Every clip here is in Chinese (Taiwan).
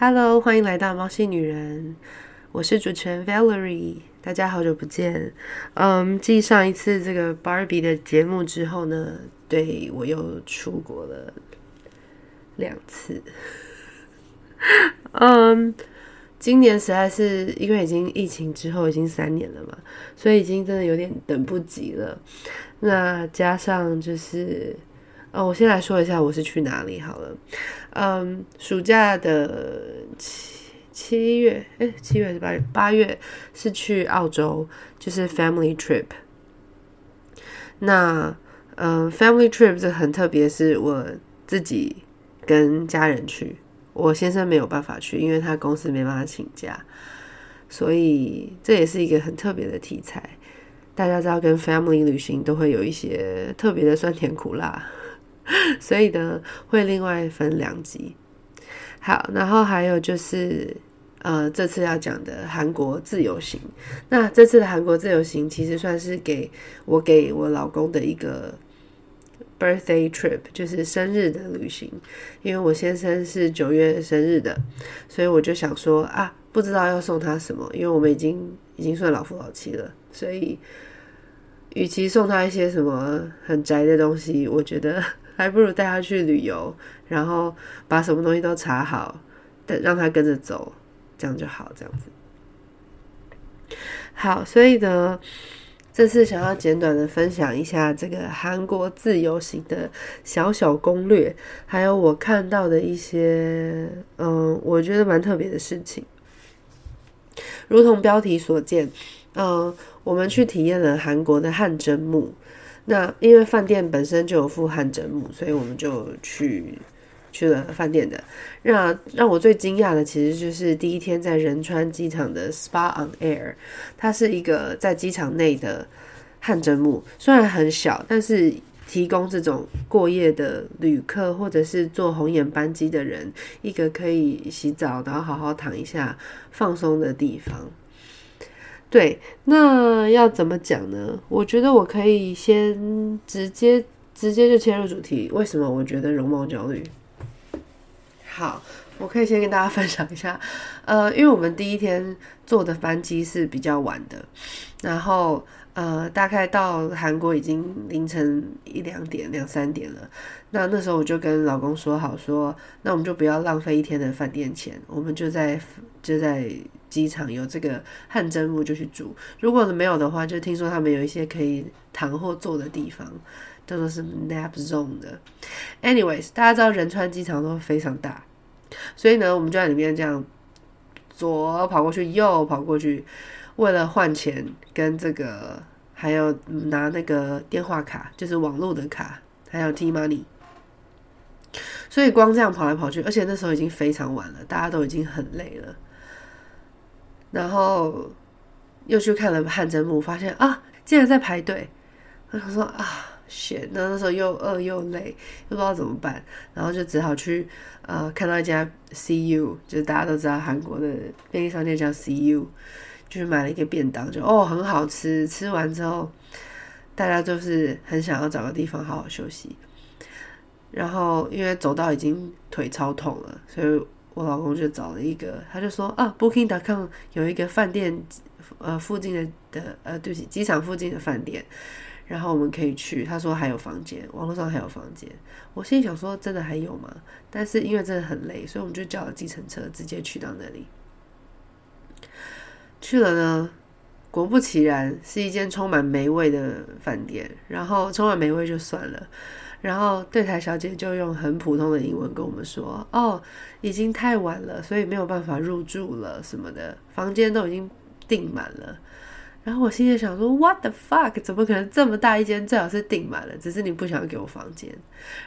Hello，歡迎來到貓系女人，我是主持人 Valerie，大家好久不見。嗯，um，繼上一次這個 Barbie 的節目之後呢，對，我又出國了兩次。嗯，um，今年實在是因為已經疫情之後已經三年了嘛，所以已經真的有點等不及了。那加上就是，哦，我先來說一下我是去哪裡好了。嗯，暑假的七七月，哎、欸，七月還是八月？八月是去澳洲，就是 family trip。那，嗯，family trip 這很特別，是我自己跟家人去，我先生沒有辦法去，因為他公司沒辦法請假，所以這也是一個很特別的題材。大家知道，跟 family 旅行都會有一些特別的酸甜苦辣。所以呢，會另外分兩集。好，然後還有就是，呃，這次要講的韓國自由行。那這次的韓國自由行，其實算是給我給我老公的一個 birthday trip，就是生日的旅行。因為我先生是九月生日的，所以我就想說啊，不知道要送他什麼。因為我們已經已經算老夫老妻了，所以與其送他一些什麼很宅的東西，我覺得。還不如帶他去旅遊，然後把什麼東西都查好，等讓他跟着走，這樣就好。這樣子，好，所以呢，這次想要簡短的分享一下這個韓國自由行的小小攻略，還有我看到的一些，嗯，我覺得蠻特別的事情。如同標題所見，嗯，我們去體驗了韓國的汗蒸幕。那因為飯店本身就有附汗蒸幕，所以我們就去去了飯店的。那讓，讓我最驚訝的，其實就是第一天在仁川機場的 SPA on Air，它是一個在機場內的汗蒸幕，雖然很小，但是提供這種過夜的旅客或者是坐紅眼班機的人一個可以洗澡，然後好好躺一下放鬆的地方。對，那要怎麼講呢？我覺得我可以先直接直接就切入主題。為什麼我覺得容貌焦慮？好，我可以先跟大家分享一下。呃，因為我們第一天坐的班機是比較晚的，然後呃，大概到韓國已經凌晨一兩點、兩三點了。那那時候我就跟老公說好說，說那我們就不要浪費一天的飯店錢，我們就在就在。機場有這個汗蒸幕就去住，如果是沒有的話，就聽說他們有一些可以躺或坐的地方，叫做是 nap zone 的。Anyways，大家知道仁川機場都非常大，所以呢，我們就在裡面這樣左跑過去，右跑過去，為了換錢跟這個，還有拿那個電話卡，就是網絡的卡，還有 T money。所以光這樣跑來跑去，而且那時候已經非常晚了，大家都已經很累了。然後又去看了汗蒸幕，發現啊，竟然在排隊。他說啊，血！那那時候又餓又累，又不知道怎麼辦，然後就只好去呃，看到一家 CU，就是大家都知道韓國的便利商店叫 CU，就是買了一個便當，就哦很好吃。吃完之後，大家就是很想要找個地方好好休息。然後因為走到已經腿超痛了，所以。我老公就找了一個，他就說啊，Booking.com 有一個飯店，呃，附近的的呃，對不起，機場附近的飯店，然後我們可以去。他說還有房間，網絡上還有房間。我心裡想說，真的還有嗎？但是因為真的很累，所以我們就叫了計程車，直接去到那裡。去了呢，果不其然，是一間充滿霉味的飯店。然後充滿霉味就算了。然後，櫃檯小姐就用很普通的英文跟我們說：“哦，已經太晚了，所以沒有辦法入住了，什麼的，房間都已經訂滿了。”然後我心裡想說：“What the fuck？怎麼可能這麼大一間，最好是訂滿了，只是你不想要給我房間？”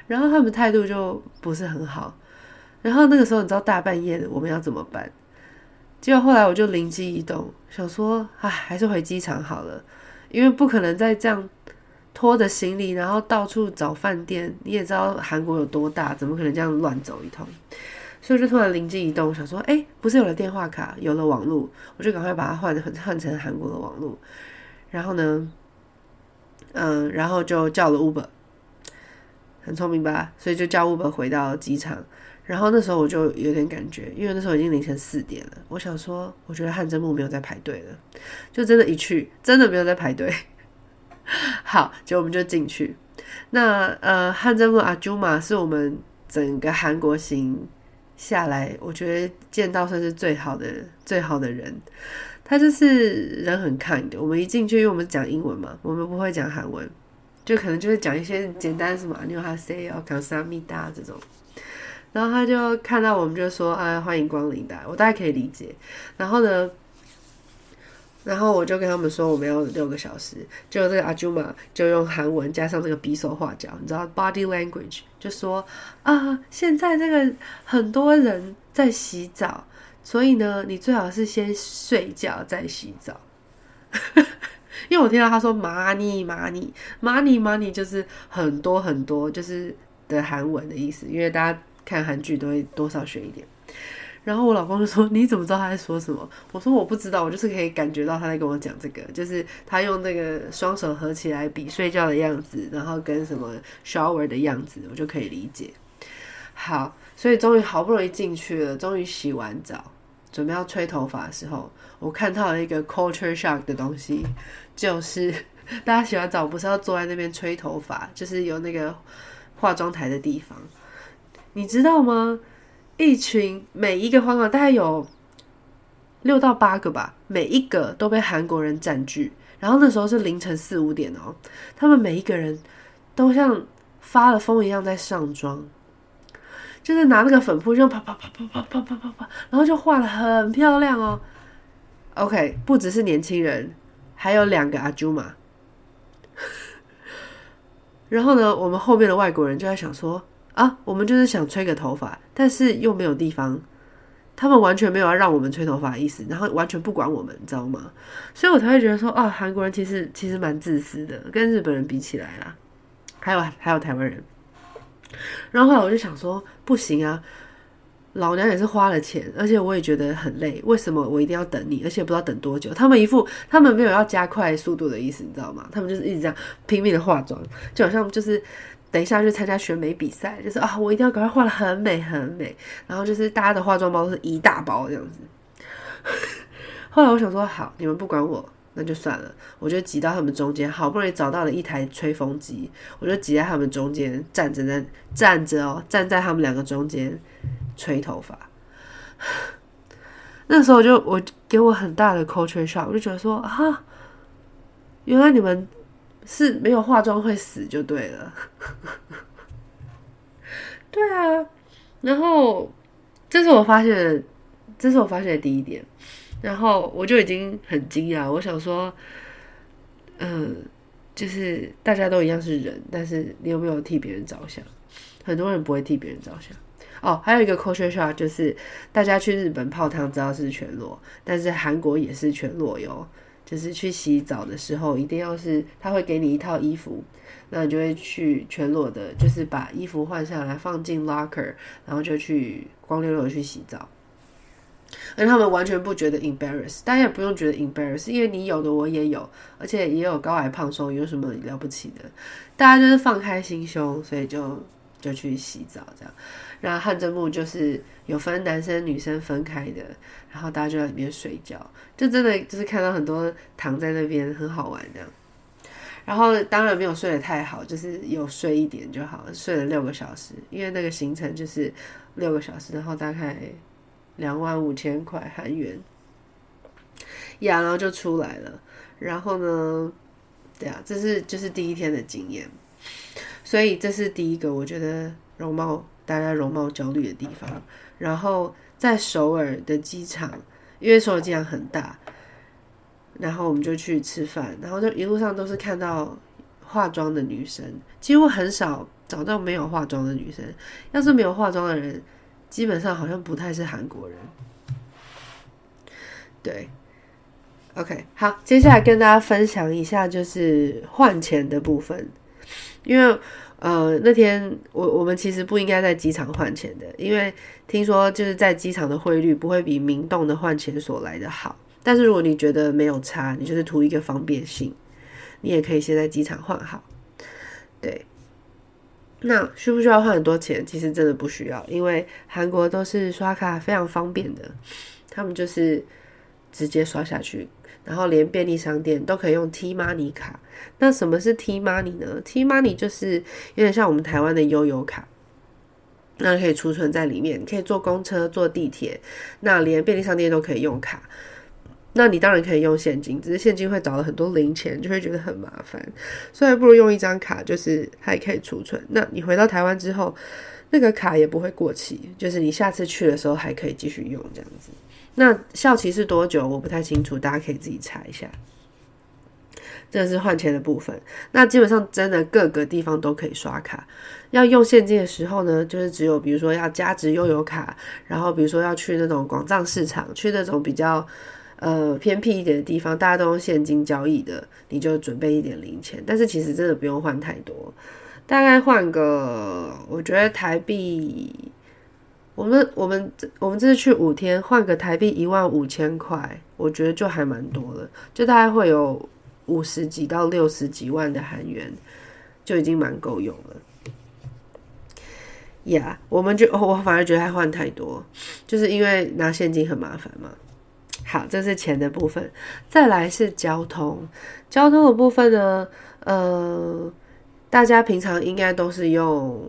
然後他們態度就不是很好。然後那個時候，你知道大半夜的我們要怎麼辦？結果後來我就靈機一動，想說：“唉，還是回機場好了，因為不可能再這樣。”拖着行李，然後到處找飯店。你也知道韓國有多大，怎麼可能這樣亂走一通？所以我就突然靈機一動，想說：哎，不是有了電話卡，有了網絡，我就趕快把它換換成韓國的網絡。然後呢，嗯，然後就叫了 Uber，很聰明吧？所以就叫 Uber 回到機場。然後那時候我就有點感覺，因為那時候已經凌晨四點了。我想說，我覺得汗蒸幕沒有在排隊了，就真的一去，真的沒有在排隊。好，就我們就進去。那呃，汗蒸幕阿朱瑪是我們整個韓國行下來，我覺得見到算是最好的、最好的人。他就是人很 kind，我們一進去，因為我們講英文嘛，我們不會講韓文，就可能就是講一些簡單什麼，因為他說“哦，康薩米達”這種，然後他就看到我們就說：“哎、啊，歡迎光臨的。”我大概可以理解。然後呢，然後我就跟他們說，我們要六個小時。就這個阿朱瑪就用韓文加上這個比手畫腳，你知道 body language 就說啊，現在這個很多人在洗澡，所以呢，你最好是先睡覺再洗澡。 因為我聽到他說 money money money money 就是很多很多就是的韓文的意思，因為大家看韓劇都會多少學一點。然後我老公就說：“你怎麼知道他在說什麼？”我說：“我不知道，我就是可以感覺到他在跟我講這個，就是他用那個雙手合起來比睡覺的樣子，然後跟什麼 shower 的樣子，我就可以理解。”好，所以終於好不容易進去了，終於洗完澡，準備要吹頭髮的時候，我看到了一個 culture shock 的東西，就是大家洗完澡不是要坐在那邊吹頭髮，就是有那個化妝台的地方，你知道嗎？一群每一個方法大概有六到八個吧，每一個都被韓國人佔據。然後那時候是凌晨四五點哦，他們每一個人都像發了瘋一樣在上妝，就是拿那個粉撲，就啪啪啪啪啪啪啪啪啪，然後就畫得很漂亮哦。OK，不只是年輕人，還有兩個阿祖瑪。然後呢，我們後面的外國人就在想說。啊，我們就是想吹個頭髮，但是又沒有地方。他們完全沒有要讓我們吹頭髮的意思，然後完全不管我們，你知道嗎？所以我才會覺得說，啊，韓國人其實其實蠻自私的，跟日本人比起來啦，還有還有台灣人。然後後來我就想說，不行啊，老娘也是花了錢，而且我也覺得很累，為什麼我一定要等你？而且不知道等多久。他們一副他們沒有要加快速度的意思，你知道嗎？他們就是一直這樣拼命的化妝，就好像就是。等一下去參加選美比賽，就是啊，我一定要趕快畫得很美很美。然後就是大家的化妝包都是一大包這樣子。 後來我想說，好，你們不管我，那就算了。我就擠到他們中間，好不容易找到了一台吹風機，我就擠在他們中間站着，那站着哦，站在他們兩個中間吹頭髮。 那時候就我給我很大的 culture shock，我就覺得說啊，原來你們。是沒有化妝會死就對了， 對啊。然後，這是我發現的，這是我發現的第一點。然後我就已經很驚訝，我想說，嗯、呃，就是大家都一樣是人，但是你有沒有替別人着想？很多人不會替別人着想哦。還有一個 culture shock 就是，大家去日本泡湯知道是全裸，但是韓國也是全裸喲。就是去洗澡的時候，一定要是他會給你一套衣服，那你就會去全裸的，就是把衣服換下來放進 locker，然後就去光溜溜的去洗澡。而他們完全不覺得 embarrass，大家也不用覺得 embarrass，因為你有的我也有，而且也有高矮胖瘦，有什麼了不起的？大家就是放開心胸，所以就。就去洗澡，這樣，然後汗蒸幕就是有分男生女生分開的，然後大家就在裡面睡覺，就真的就是看到很多躺在那邊，很好玩這樣，然後當然沒有睡得太好，就是有睡一點就好了，睡了六個小時，因為那個行程就是六個小時，然後大概兩萬五千塊韓元，呀，然後就出來了，然後呢，對啊，這是就是第一天的經驗。所以這是第一個，我覺得容貌，大家容貌焦慮的地方。然後在首爾的機場，因為首爾機場很大，然後我們就去吃飯，然後就一路上都是看到化妝的女生，幾乎很少找到沒有化妝的女生。要是沒有化妝的人，基本上好像不太是韓國人。對，OK，好，接下來跟大家分享一下就是換錢的部分。因為，呃，那天我我們其實不應該在機場換錢的，因為聽說就是在機場的匯率不會比明洞的換錢所來的好。但是如果你覺得沒有差，你就是圖一個方便性，你也可以先在機場換好。對，那需不需要換很多錢？其實真的不需要，因為韓國都是刷卡非常方便的，他們就是直接刷下去。然後連便利商店都可以用 T Money 卡。那什麼是 T Money 呢？T Money 就是有點像我們台灣的悠遊卡，那可以儲存在裡面，可以坐公車、坐地鐵。那連便利商店都可以用卡。那你當然可以用現金，只是現金會找了很多零錢，就會覺得很麻煩，所以還不如用一張卡，就是還可以儲存。那你回到台灣之後，那個卡也不會過期，就是你下次去的時候還可以繼續用這樣子。那效期是多久？我不太清楚，大家可以自己查一下。這是換錢的部分。那基本上真的各個地方都可以刷卡。要用現金的時候呢，就是只有比如說要加值悠遊卡，然後比如說要去那種廣藏市場，去那種比較呃偏僻一點的地方，大家都用現金交易的，你就準備一點零錢。但是其實真的不用換太多，大概換個，我覺得台幣。我們我們，我們這我們這次去五天，換個台幣一萬五千塊，我覺得就還蠻多了，就大概會有五十幾到六十幾萬的韓元，就已經蠻夠用了。呀、yeah，我們就，哦，我反而覺得還換太多，就是因為拿現金很麻煩嘛。好，這是錢的部分，再來是交通，交通的部分呢，呃，大家平常應該都是用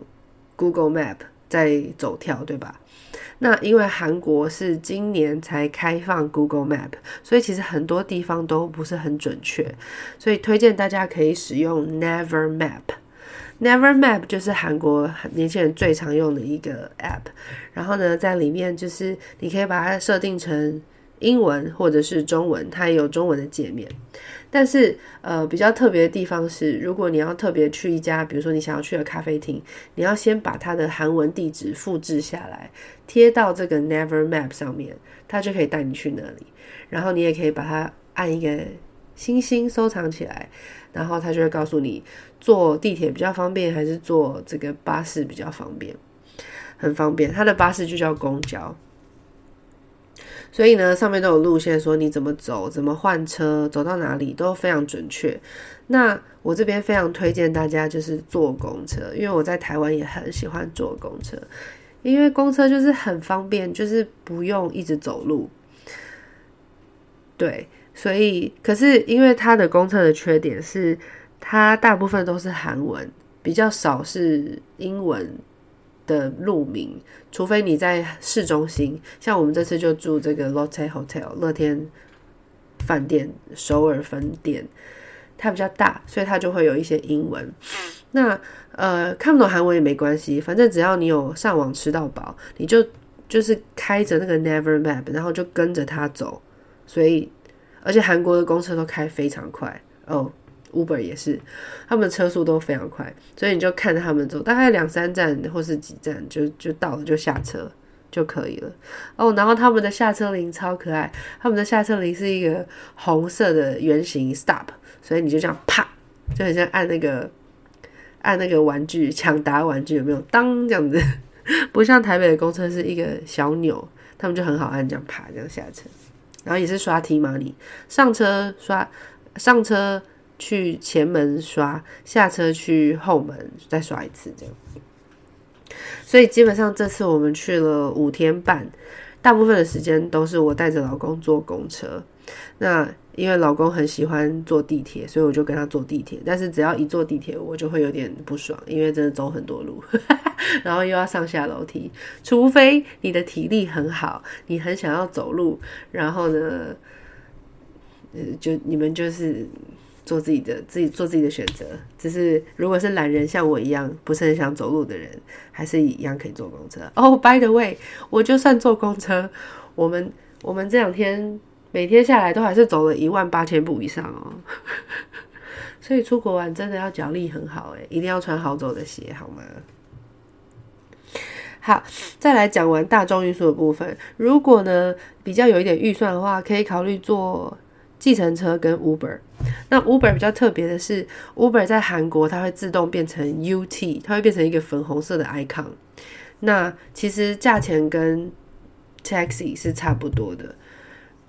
Google Map 在走跳，對吧？那因為韓國是今年才開放 Google Map，所以其實很多地方都不是很準確，所以推薦大家可以使用 Naver Map。Naver Map 就是韓國年輕人最常用的一個 App，然後呢，在裡面就是你可以把它設定成，英文或者是中文，它也有中文的界面。但是，呃，比較特別的地方是，如果你要特別去一家，比如說你想要去的咖啡廳，你要先把它的韓文地址複製下來，貼到這個 Naver Map 上面，它就可以帶你去那裡。然後你也可以把它按一個星星收藏起來，然後它就會告訴你坐地鐵比較方便，還是坐這個巴士比較方便。很方便。它的巴士就叫公交。所以呢，上面都有路線，說你怎麼走，怎麼換車，走到哪裡都非常準確。那我這邊非常推薦大家就是坐公車，因為我在台灣也很喜歡坐公車，因為公車就是很方便，就是不用一直走路。對，所以可是因為它的公車的缺點是，它大部分都是韓文，比較少是英文。的路名，除非你在市中心，像我們這次就住這個 Lotte Hotel 樂天飯店（首爾分店），它比較大，所以它就會有一些英文。嗯、那呃看不懂韓文也沒關係，反正只要你有上網吃到飽，你就就是開着那個 Never Map，然後就跟着它走。所以而且韓國的公車都開非常快，哦。Uber 也是，他們車速都非常快，所以你就看着他們走，大概兩三站或是幾站就就到了，就下車就可以了。哦，oh，然後他們的下車鈴超可愛，他們的下車鈴是一個紅色的圓形 stop，所以你就這樣啪，就很像按那個按那個玩具搶答玩具，有沒有當這樣子？不像台北的公車是一個小鈕，他們就很好按，這樣啪這樣下車，然後也是刷 T money 嘛，你上車刷上車。去前門刷，下車去後門再刷一次，這樣。所以基本上這次我們去了五天半，大部分的時間都是我帶着老公坐公車。那因為老公很喜歡坐地鐵，所以我就跟他坐地鐵。但是只要一坐地鐵，我就會有點不爽，因為真的走很多路，呵呵，然後又要上下樓梯。除非你的體力很好，你很想要走路，然後呢，呃，就你們就是。做自己的，自己做自己的選擇。只是如果是懶人，像我一樣不是很想走路的人，還是一樣可以坐公車。哦，Oh，By the way，我就算坐公車，我們我們這兩天每天下來都還是走了一萬八千步以上哦。 所以出國玩真的要腳力很好誒、欸，一定要穿好走的鞋好嗎？好，再來講完大眾運輸的部分。如果呢比較有一點預算的話，可以考慮坐計程車跟 Uber。那 Uber 比較特別的是，Uber 在韓國它會自動變成 UT，它會變成一個粉紅色的 icon。那其實價錢跟 Taxi 是差不多的，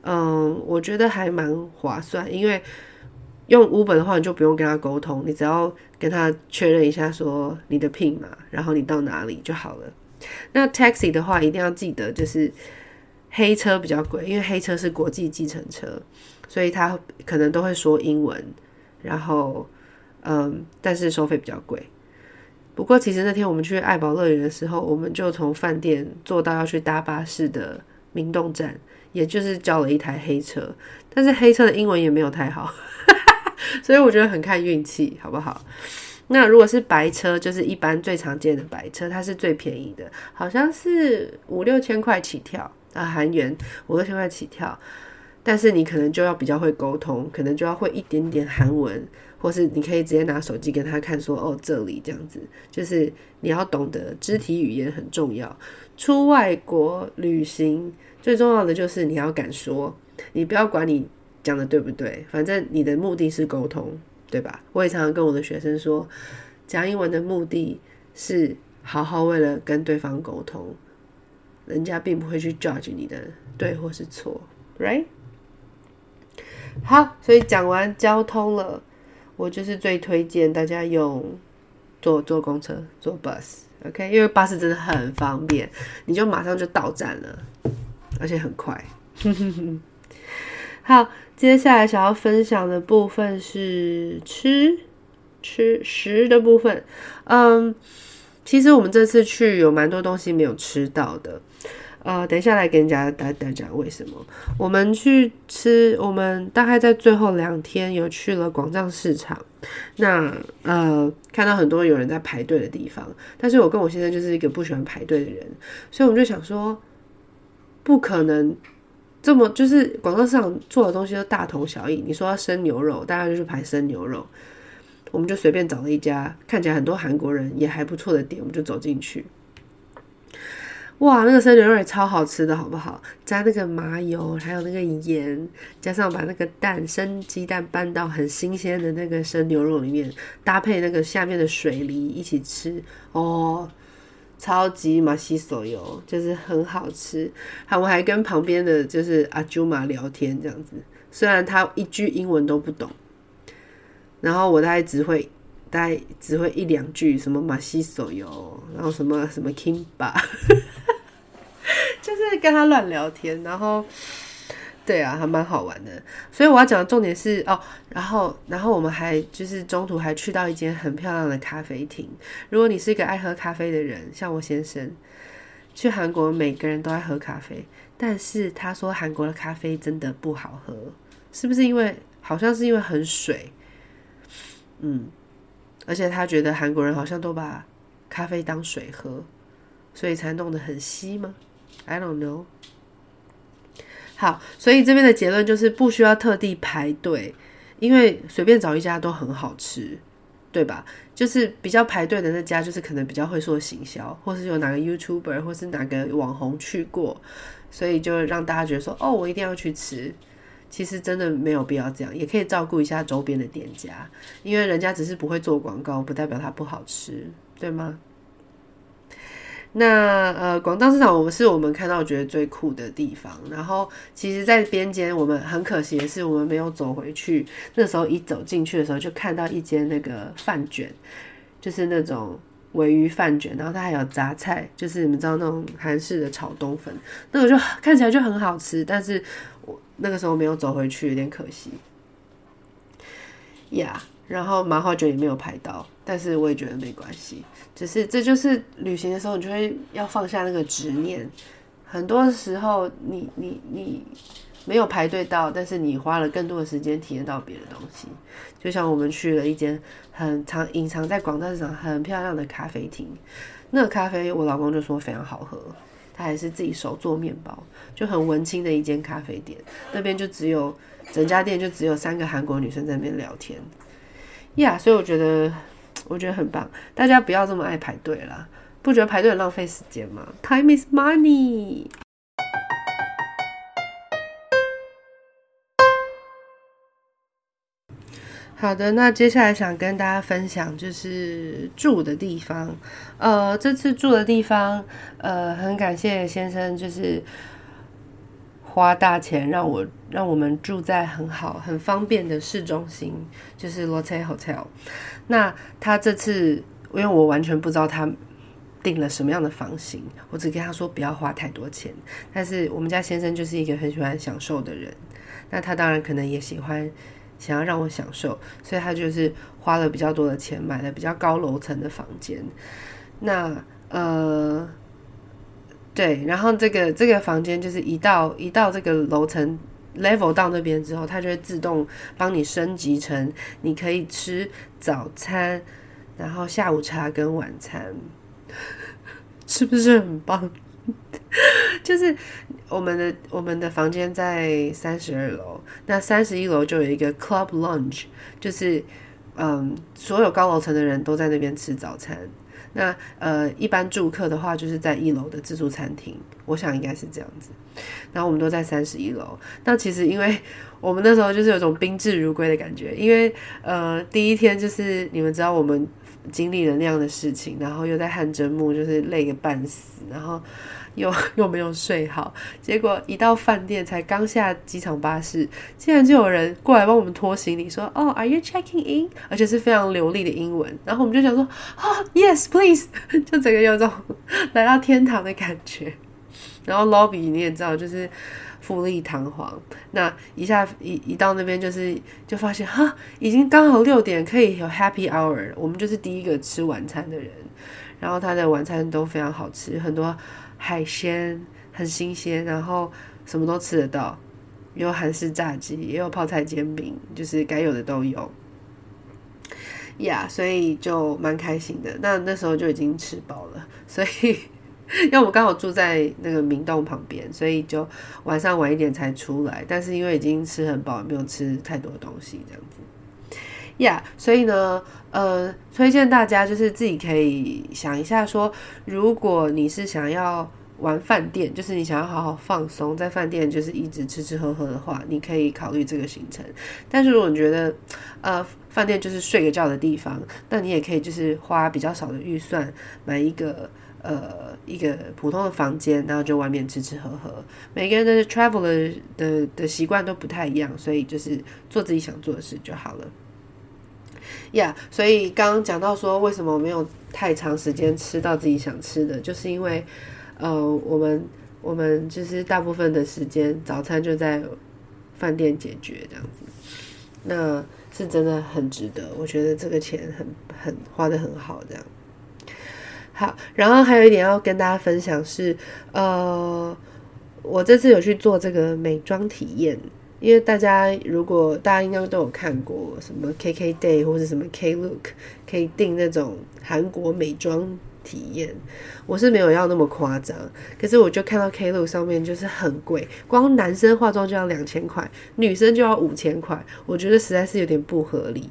嗯，我覺得還蠻划算，因為用 Uber 的話你就不用跟他溝通，你只要跟他確認一下說你的 PIN 碼，然後你到哪裡就好了。那 Taxi 的話一定要記得，就是黑車比較貴，因為黑車是國際計程車。所以他可能都會說英文，然後嗯，但是收費比較貴。不過其實那天我們去愛寶樂園的時候，我們就從飯店坐到要去搭巴士的明洞站，也就是叫了一台黑車，但是黑車的英文也沒有太好， 所以我覺得很看運氣，好不好？那如果是白車，就是一般最常見的白車，它是最便宜的，好像是五六千塊起跳啊，呃，韓元五六千塊起跳。但是你可能就要比較會溝通，可能就要會一點點韓文，或是你可以直接拿手機給他看說哦，這裡這樣子，就是你要懂得肢體語言很重要。出外國旅行最重要的就是你要敢說，你不要管你講的對不對，反正你的目的是溝通，對吧？我也常常跟我的學生說，講英文的目的是好好為了跟對方溝通，人家並不會去 judge 你的對或是錯，right？好，所以講完交通了，我就是最推薦大家用坐坐公車坐 bus，OK，okay? 因為 bus 真的很方便，你就馬上就到站了，而且很快。哼哼哼。好，接下來想要分享的部分是吃吃食的部分。嗯，其實我們這次去有蠻多東西沒有吃到的。呃，等一下來跟人家大講講為什麼我們去吃，我們大概在最後兩天有去了廣藏市場。那呃，看到很多有人在排隊的地方，但是我跟我先生就是一個不喜歡排隊的人，所以我們就想說，不可能這麼就是廣藏市場做的東西都大同小異。你說要生牛肉，大家就是排生牛肉，我們就隨便找了一家看起來很多韓國人也還不錯的店，我們就走進去。哇，那個生牛肉也超好吃的，好不好？加那個麻油，還有那個鹽，加上把那個蛋生雞蛋拌到很新鮮的那個生牛肉裡面，搭配那個下面的水梨一起吃，哦，超級麻西所有，就是很好吃。還我還跟旁邊的就是阿朱瑪聊天這樣子，雖然他一句英文都不懂，然後我大概只會大概只會一兩句，什麼馬西手游，然後什麼什麼 king bar， 就是跟他亂聊天，然後對啊，還蠻好玩的。所以我要講的重點是哦，然後然後我們還就是中途還去到一間很漂亮的咖啡廳。如果你是一個愛喝咖啡的人，像我先生，去韓國每個人都愛喝咖啡，但是他說韓國的咖啡真的不好喝，是不是因為好像是因為很水？嗯。而且他覺得韓國人好像都把咖啡當水喝，所以才弄得很稀嗎？I don't know。好，所以這邊的結論就是不需要特地排隊，因為隨便找一家都很好吃，對吧？就是比較排隊的那家，就是可能比較會做行銷，或是有哪個 YouTuber，或是哪個網紅去過，所以就讓大家覺得說，哦，我一定要去吃。其實真的沒有必要這樣，也可以照顧一下周邊的店家，因為人家只是不會做廣告，不代表它不好吃，對嗎？那呃，廣藏市場我們是我們看到覺得最酷的地方。然後，其實，在邊間我們很可惜的是，我們沒有走回去。那時候一走進去的時候，就看到一間那個飯卷，就是那種鮪魚飯卷，然後它還有雜菜，就是你們知道那種韓式的炒冬粉，那個就看起來就很好吃，但是我。那個時候沒有走回去，有點可惜呀。Yeah, 然後麻花卷也沒有排到，但是我也覺得沒關係。只是這就是旅行的時候，你就會要放下那個執念。很多時候你，你你你沒有排隊到，但是你花了更多的時間體驗到別的東西。就像我們去了一間很長隱藏在廣藏市場很漂亮的咖啡廳，那個咖啡我老公就說非常好喝。他還是自己手做麵包，就很文青的一間咖啡店。那邊就只有整家店就只有三個韓國女生在那邊聊天，呀，Yeah，所以我覺得我覺得很棒。大家不要這麼愛排隊啦，不覺得排隊很浪費時間嗎？Time is money。好的，那接下來想跟大家分享就是住的地方。呃，這次住的地方，呃，很感謝先生，就是花大錢讓我讓我們住在很好、很方便的市中心，就是 Lotte Hotel。那他這次，因為我完全不知道他訂了什麼樣的房型，我只跟他說不要花太多錢。但是我們家先生就是一個很喜歡享受的人，那他當然可能也喜歡。想要讓我享受，所以他就是花了比較多的錢，買了比較高樓層的房間。那呃，對，然後這個這個房間就是一到一到這個樓層 level 到那邊之後，它就會自動幫你升級成你可以吃早餐，然後下午茶跟晚餐， 是不是很棒？ 就是我們的我們的房間在三十二樓，那三十一樓就有一個 club lounge，就是嗯，所有高樓層的人都在那邊吃早餐。那呃，一般住客的話，就是在一樓的自助餐廳，我想應該是這樣子。然後我們都在三十一樓。那其實，因為我們那時候就是有種賓至如歸的感覺，因為呃，第一天就是你們知道我們。經歷了那樣的事情，然後又在汗蒸幕就是累個半死，然後又又沒有睡好，結果一到飯店，才剛下機場巴士，竟然就有人過來幫我們拖行李說，說哦，oh,，Are you checking in？而且是非常流利的英文，然後我們就想說哦，oh, yes please！就整個有種 來到天堂的感覺。然後 lobby 你也知道，就是。富麗堂皇，那一下一一到那邊就是就發現哈，已經剛好六點可以有 Happy Hour，我們就是第一個吃晚餐的人，然後他的晚餐都非常好吃，很多海鮮很新鮮，然後什麼都吃得到，有韓式炸雞，也有泡菜煎餅，就是該有的都有，呀，yeah，所以就蠻開心的。那那時候就已經吃飽了，所以。因為我剛好住在那個明洞旁邊，所以就晚上晚一點才出來。但是，因為已經吃很飽，沒有吃太多東西，這樣子呀。Yeah, 所以呢，呃，推薦大家就是自己可以想一下說，說如果你是想要玩飯店，就是你想要好好放鬆，在飯店就是一直吃吃喝喝的話，你可以考慮這個行程。但是如果你覺得，呃，飯店就是睡個覺的地方，那你也可以就是花比較少的預算買一個。呃，一個普通的房間，然後就外面吃吃喝喝。每個人都是 traveler 的的習慣都不太一樣，所以就是做自己想做的事就好了。呀，yeah，所以剛剛講到說，為什麼我沒有太長時間吃到自己想吃的，就是因為，呃，我們我們就是大部分的時間早餐就在飯店解決這樣子。那是真的很值得，我覺得這個錢很很花得很好這樣。好，然後還有一點要跟大家分享是，呃，我這次有去做這個美妝體驗，因為大家如果大家應該都有看過什麼 KKday 或者什麼 Klook 可以訂那種韓國美妝體驗，我是沒有要那麼誇張，可是我就看到 Klook 上面就是很貴，光男生化妝就要兩千塊，女生就要五千塊，我覺得實在是有點不合理。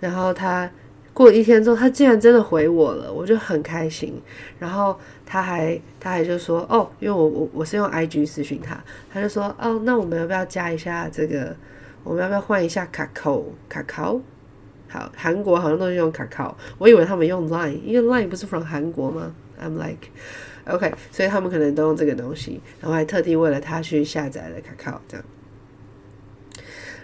然後他過了一天之後，他竟然真的回我了，我就很開心。然後他還他還就說，哦，因為我我我是用 IG 私訊他，他就說，哦，那我們要不要加一下這個？我們要不要換一下 Kakao Kakao？好，韓國好像都是用 Kakao，我以為他們用 Line，因為 Line 不是 from 韓國嗎？I'm like OK，所以他們可能都用這個東西，然後還特地為了他去下載了 Kakao 這樣。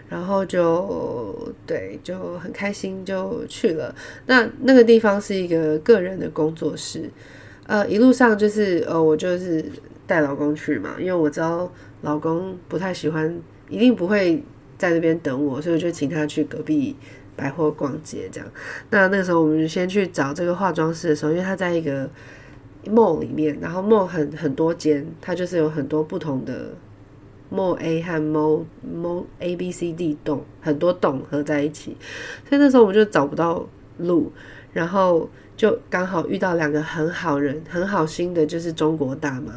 然後就對，就很開心，就去了。那那個地方是一個個人的工作室，呃，一路上就是呃、哦，我就是帶老公去嘛，因為我知道老公不太喜歡，一定不會在那邊等我，所以我就請他去隔壁百貨逛街。這樣，那那個時候我們就先去找這個化妝室的時候，因為他在一個 mall 裡面，然後 mall 很很多間，他就是有很多不同的。Mo A 和 Mo Mo A B C D 洞很多洞合在一起，所以那時候我們就找不到路，然後就剛好遇到兩個很好人、很好心的，就是中國大媽。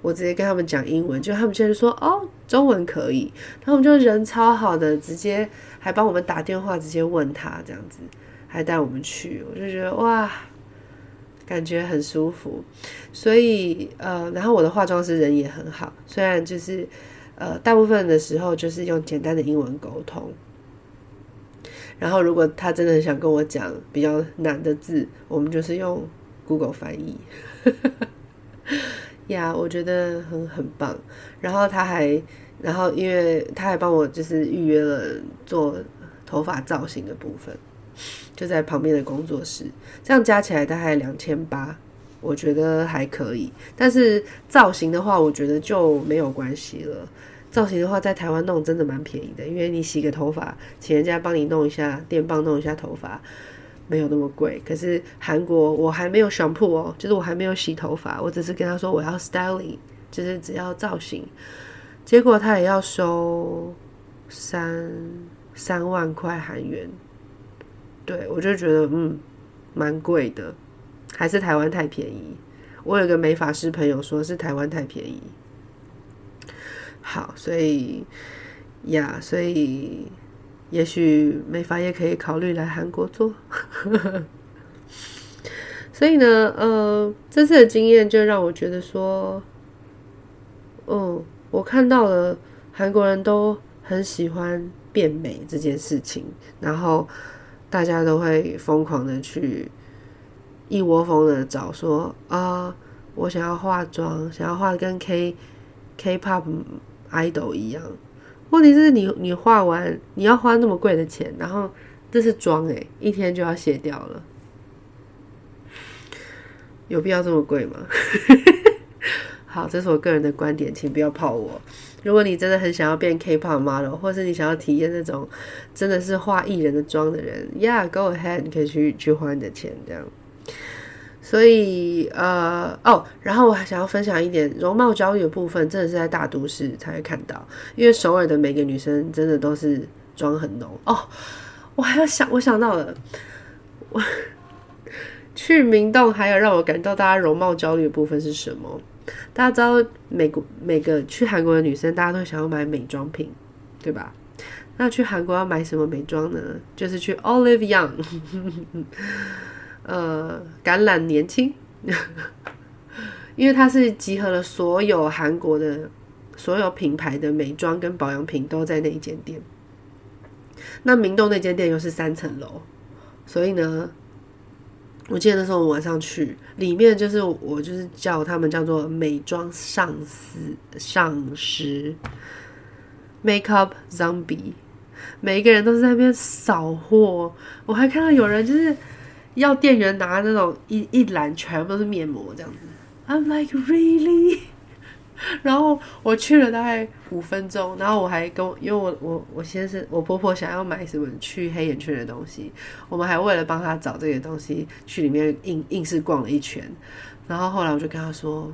我直接跟他們講英文，就他們現在就說哦中文可以，他們就人超好的，直接還幫我們打電話，直接問他這樣子，還帶我們去。我就覺得哇！感覺很舒服，所以呃，然後我的化妝師人也很好，雖然就是呃，大部分的時候就是用簡單的英文溝通，然後如果他真的很想跟我講比較難的字，我們就是用 Google 翻譯，呀、 yeah，我覺得很很棒。然後他還，然後因為他還幫我就是預約了做頭髮造型的部分。就在旁邊的工作室，這樣加起來大概兩千八，我覺得還可以。但是造型的話，我覺得就沒有關係了。造型的話，在台灣弄真的蠻便宜的，因為你洗個頭髮，請人家幫你弄一下電棒，弄一下頭髮，沒有那麼貴。可是韓國我還沒有 shampoo 哦，就是我還沒有洗頭髮，我只是跟他說我要 styling，就是只要造型，結果他也要收三三萬塊韓元。對，我就覺得嗯，蠻貴的，還是台灣太便宜。我有個美髮師朋友說，是台灣太便宜。好，所以呀，所以也許美髮也可以考慮來韓國做。 所以呢，呃，這次的經驗就讓我覺得說，嗯，我看到了韓國人都很喜歡變美這件事情，然後，大家都會瘋狂的去一窩蜂的找說啊，我想要化妝，想要化跟 K K-Pop idol 一樣。問題是你你化完你要花那麼貴的錢，然後這是妝誒、欸，一天就要卸掉了，有必要這麼貴嗎？ 好，這是我個人的觀點，請不要炮我。如果你真的很想要變 K-pop model，或是你想要體驗那種真的是畫藝人的妝的人，Yeah，go ahead，你可以去去花你的錢這樣。所以呃，哦，然後我還想要分享一點容貌焦慮的部分，真的是在大都市才會看到，因為首爾的每個女生真的都是妝很濃哦。我還要想，我想到了，我去明洞還有讓我感到大家容貌焦慮的部分是什麼？大家知道，每個每個去韓國的女生，大家都想要買美妝品，對吧？那去韓國要買什麼美妝呢？就是去 Olive Young， 呃，橄欖年輕， 因為它是集合了所有韓國的所有品牌的美妝跟保養品都在那一間店。那明洞那間店又是三層樓，所以呢。我記得那時候我晚上去，裡面就是我，我就是叫他們叫做美妝殭屍、殭屍，makeup zombie，每一個人都是在那邊掃貨。我還看到有人就是要店員拿那種一一籃全部都是面膜這樣子。I'm like really. 然後我去了大概五分鐘，然後我還跟我，因為我我我先生我婆婆想要買什麼去黑眼圈的東西，我們還為了幫她找這些東西去裡面硬硬是逛了一圈，然後後來我就跟她說，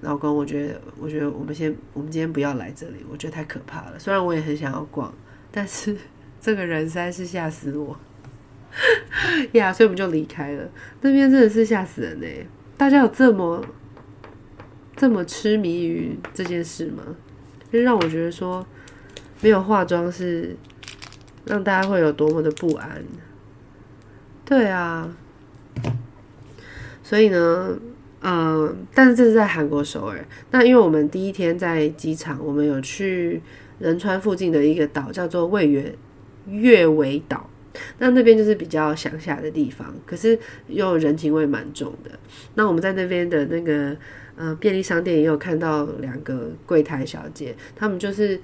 老公，我覺得我覺得我們先我們今天不要來這裡，我覺得太可怕了。雖然我也很想要逛，但是這個人實在是嚇死我呀， yeah, 所以我們就離開了。那邊真的是嚇死人呢。欸，大家有這麼。這麼痴迷於這件事嗎？就讓我覺得說，沒有化妝是讓大家會有多麼的不安。對啊，所以呢，嗯，但是這是在韓國首爾。那因為我們第一天在機場，我們有去仁川附近的一個島，叫做蔚源月尾島。那那邊就是比較鄉下的地方，可是又人情味蠻重的。那我們在那邊的那個。嗯，便利商店也有看到兩個櫃檯小姐，他們就是，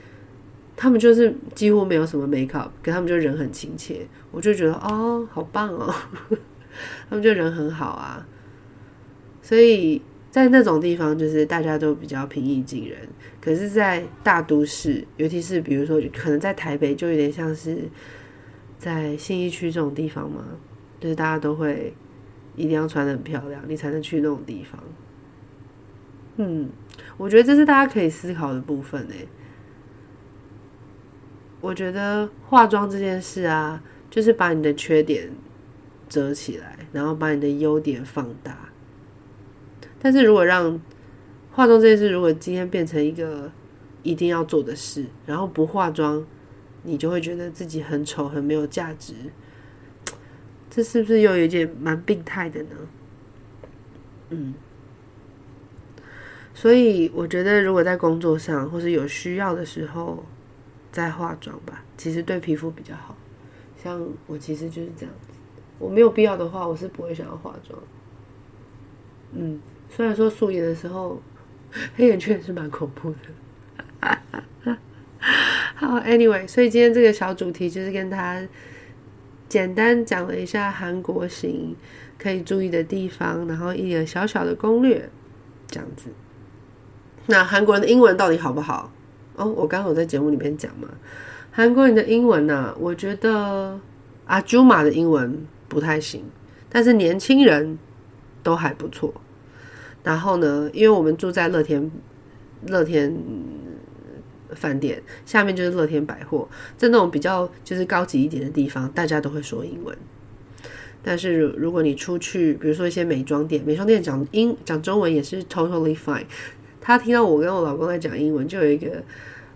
他們就是幾乎沒有什麼 makeup，可他們就人很親切，我就覺得哦，好棒哦呵呵，他們就人很好啊，所以在那種地方，就是大家都比較平易近人。可是，在大都市，尤其是比如說，可能在台北，就有點像是在信義區這種地方嘛，就是大家都會一定要穿得很漂亮，你才能去那種地方。嗯，我覺得這是大家可以思考的部分呢、欸。我覺得化妝這件事啊，就是把你的缺點遮起來，然後把你的優點放大。但是如果讓化妝這件事，如果今天變成一個一定要做的事，然後不化妝你就會覺得自己很醜、很沒有價值，這是不是又有一點蠻病態的呢？嗯。所以我覺得，如果在工作上或是有需要的時候再化妝吧，其實對皮膚比較好。像我其實就是這樣子，我沒有必要的話，我是不會想要化妝。嗯，雖然說素顏的時候黑眼圈是蠻恐怖的。好，Anyway，所以今天這個小主題就是跟他簡單講了一下韓國行可以注意的地方，然後一點小小的攻略這樣子。那韓國人的英文到底好不好？哦、oh，我剛剛有在節目裡面講嘛，韓國人的英文呢、啊，我覺得阿祖瑪的英文不太行，但是年輕人都還不錯。然後呢，因為我們住在樂天，樂天飯店下面就是樂天百貨，在那種比較就是高級一點的地方，大家都會說英文。但是如果你出去，比如說一些美妝店，美妝店講英講中文也是 totally fine。他聽到我跟我老公在講英文，就有一個，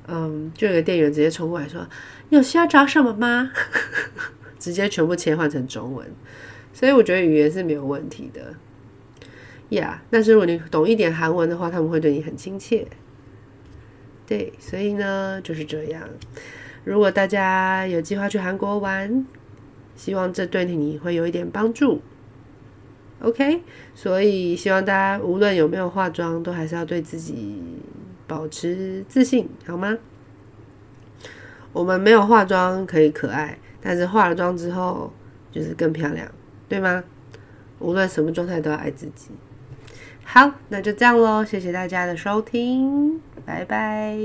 嗯，就有一個店員直接衝過來說：“你有需要找什麼嗎？” 直接全部切換成中文，所以我覺得語言是沒有問題的，呀，yeah。但是如果你懂一點韓文的話，他們會對你很親切。對，所以呢就是這樣。如果大家有計劃去韓國玩，希望這對你會有一點幫助。OK，所以希望大家無論有沒有化妝，都還是要對自己保持自信，好嗎？我們沒有化妝可以可愛，但是化了妝之後就是更漂亮，對嗎？無論什麼狀態都要愛自己。好，那就這樣嘍，謝謝大家的收聽，拜拜。